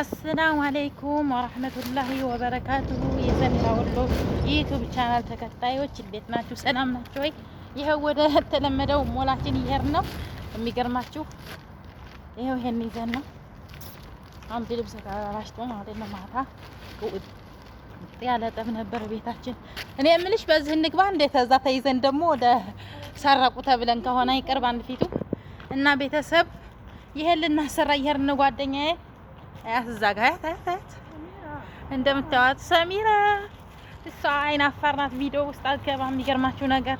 አሰላሙ አለይኩም ወረህመቱላሂ ወበረካቱሁ። የሰሚራ ወሎ ዩቱብ ቻናል ተከታዮች እንዴት ናችሁ? ሰላም ናችሁ ወይ? ይኸው ወደ ተለመደው ሞላችን ይሄር ነው። የሚገርማችሁ ይኸው ይሄን ይዘን ነው አንድ ልብስ ተራራሽቶ ማለት ነው። ማታ ያለ ጠብ ነበር ቤታችን። እኔ የምልሽ በዚህ እንግባ እንዴት እዛ ተይዘን ደግሞ ወደ ሰረቁ ተብለን ከሆነ ይቅርብ አንድ ፊቱ እና ቤተሰብ ይሄን ልናሰራ ይሄር ጓደኛዬ አያት እዛ ጋር አያት አያት አያት እንደምታዩት ሰሚራ እሷ አይን አፋር ናት። ቪዲዮ ውስጥ አትገባም። የሚገርማችሁ ነገር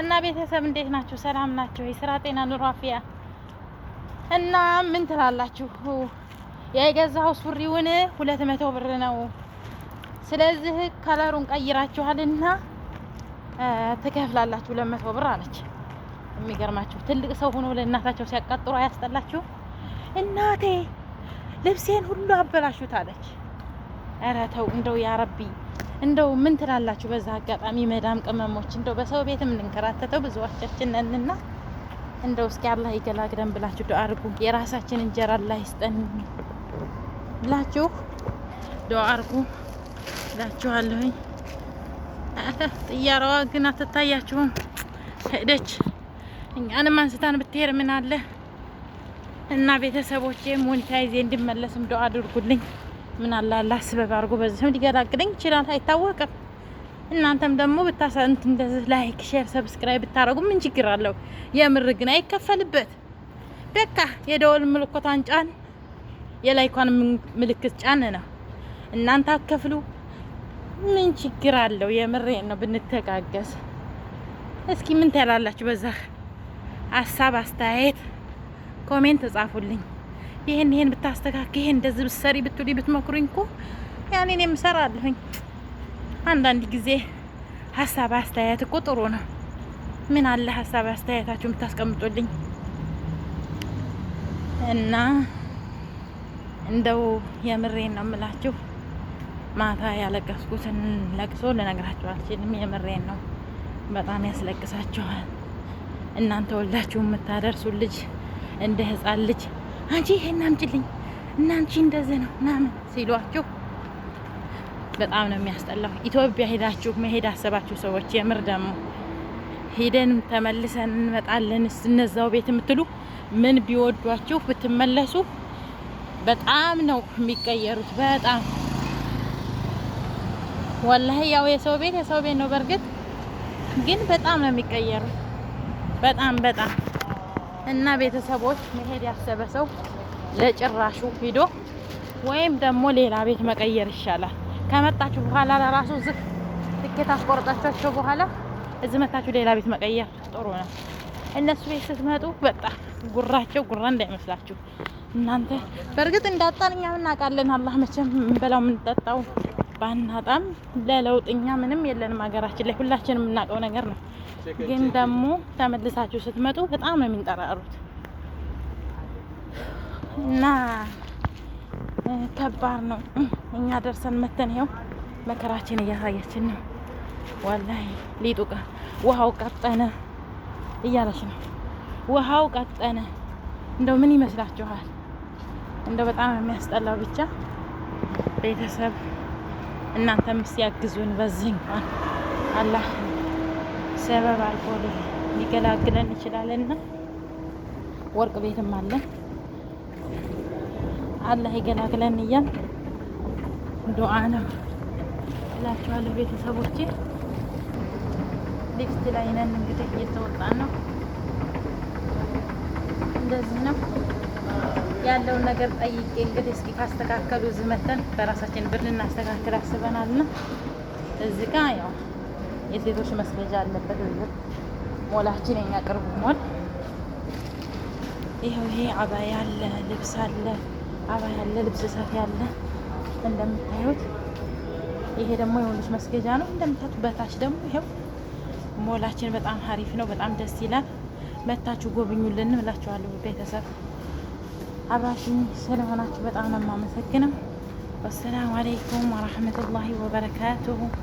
እና ቤተሰብ እንዴት ናችሁ? ሰላም ናቸው? የስራ ጤና፣ ኑሮ አፍያ እና ምን ትላላችሁ? የገዛው ሱሪውን ሁለት መቶ ብር ነው። ስለዚህ ከለሩን ቀይራችኋልና ትከፍላላችሁ ሁለት መቶ ብር አለች። የሚገርማችሁ ትልቅ ሰው ሆኖ ለእናታቸው ሲያቃጥሩ አያስጠላችሁ እናቴ ልብሴን ሁሉ አበላሹት አለች። ኧረ ተው እንደው ያረቢ እንደው ምን ትላላችሁ? በዛ አጋጣሚ መዳም ቅመሞች እንደው በሰው ቤት የምንንከራተተው ብዙዎቻችን ነንና እንደው እስኪ አላህ ይገላግለን ብላችሁ ዱአ አርጉ። የራሳችን እንጀራ አላህ ይስጠን ብላችሁ ዱአ አድርጉ እላችኋለሁኝ። ጥያራዋ ግን አትታያችሁም። ሄደች እኛንም አንስታን ብትሄድ ምን አለ? እና ቤተሰቦቼ ሞኒታይዜ እንድመለስም ዶ አድርጉልኝ። ምን አላ ስበብ አድርጎ በዚህ ሊገላግለኝ ይችላል አይታወቅም። እናንተም ደግሞ ብታሰንት እንደዚህ ላይክ፣ ሼር፣ ሰብስክራይብ ብታደረጉ ምን ችግር አለው? የምር ግን አይከፈልበት። በቃ የደወል ምልኮቷን ጫን፣ የላይኳን ምልክት ጫን ነው። እናንተ አከፍሉ፣ ምን ችግር አለው? የምሬ ነው ብንተጋገዝ። እስኪ ምን ትላላችሁ? በዛ ሀሳብ አስተያየት ኮሜንት ጻፉልኝ ይሄን ይሄን ብታስተካክ ይሄን እንደዚህ ብትሰሪ ብትሉ ብትመክሩኝ እኮ ያኔ እኔም እሰራለሁኝ። አንዳንድ ጊዜ ሀሳብ አስተያየት እኮ ጥሩ ነው። ምን አለ ሀሳብ አስተያየታችሁ ብታስቀምጡልኝ እና እንደው የምሬን ነው የምላችሁ። ማታ ያለቀስኩትን ለቅሶ ልነግራችሁ አልችልም። የምሬን ነው። በጣም ያስለቅሳችኋል። እናንተ ወልዳችሁ የምታደርሱ ልጅ እንደ ህፃን ልጅ አንቺ ይሄን አምጪልኝ እና አንቺ እንደዚህ ነው ምናምን ሲሏችሁ በጣም ነው የሚያስጠላው። ኢትዮጵያ ሄዳችሁ መሄድ አሰባችሁ ሰዎች፣ የምር ደግሞ ሄደን ተመልሰን እንመጣለን እነዛው ቤት የምትሉ ምን ቢወዷችሁ ብትመለሱ በጣም ነው የሚቀየሩት። በጣም ወላሂ ያው የሰው ቤት የሰው ቤት ነው። በእርግጥ ግን በጣም ነው የሚቀየሩት። በጣም በጣም እና ቤተሰቦች መሄድ ያሰበ ሰው ለጭራሹ ሂዶ ወይም ደግሞ ሌላ ቤት መቀየር ይሻላል። ከመጣችሁ በኋላ ለራሱ ዝግ ትኬት አስቆርጣችሁ በኋላ እዚህ መታችሁ ሌላ ቤት መቀየር ጥሩ ነው። እነሱ ቤት ስትመጡ በቃ ጉራቸው ጉራ እንዳይመስላችሁ እናንተ። በእርግጥ እንዳጣን እኛ እናውቃለን። አላህ መቼም የምንበላው የምንጠጣው ባናጣም ለለውጥ እኛ ምንም የለንም ሀገራችን ላይ ሁላችንም የምናውቀው ነገር ነው። ግን ደግሞ ተመልሳችሁ ስትመጡ በጣም ነው የሚንጠራሩት እና ከባድ ነው። እኛ ደርሰን መተን ይኸው መከራችን እያሳየችን ነው። ዋላይ ሊጡ ቃ ውሃው ቀጠነ እያለች ነው። ውሃው ቀጠነ። እንደው ምን ይመስላችኋል? እንደው በጣም የሚያስጠላው ብቻ ቤተሰብ እናንተም ሲያግዙን ያግዙን። በዚህ እንኳን አላህ ሰበብ አድርጎ ሊገላግለን ይችላልና ወርቅ ቤትም አለን አላህ ይገላግለን እያል ዱዓ ነው እላችኋለሁ ቤተሰቦቼ። ሊፍት ላይ ነን እንግዲህ እየተወጣ ነው። እንደዚህ ነው። ያለውን ነገር ጠይቄ እንግዲህ እስኪ ካስተካከሉ እዚህ መተን በራሳችን ብር ልናስተካክል አስበናል። ና እዚህ ጋ ያው የሴቶች መስገጃ አለበት። ዝ ሞላችን የሚያቅርቡ ሞል ይኸው ይሄ አባያ አለ፣ ልብስ አለ፣ አባያ አለ፣ ልብስ ሰፊ አለ እንደምታዩት። ይሄ ደግሞ የወንዶች መስገጃ ነው እንደምታዩት። በታች ደግሞ ይኸው ሞላችን በጣም ሀሪፍ ነው፣ በጣም ደስ ይላል። መታችሁ ጎብኙልን እላችኋለሁ ቤተሰብ አብራሽኝ ስለሆናችሁ በጣም ነው የማመሰግነው። ወሰላሙ አለይኩም ወረህመቱላሂ ወበረካቱሁ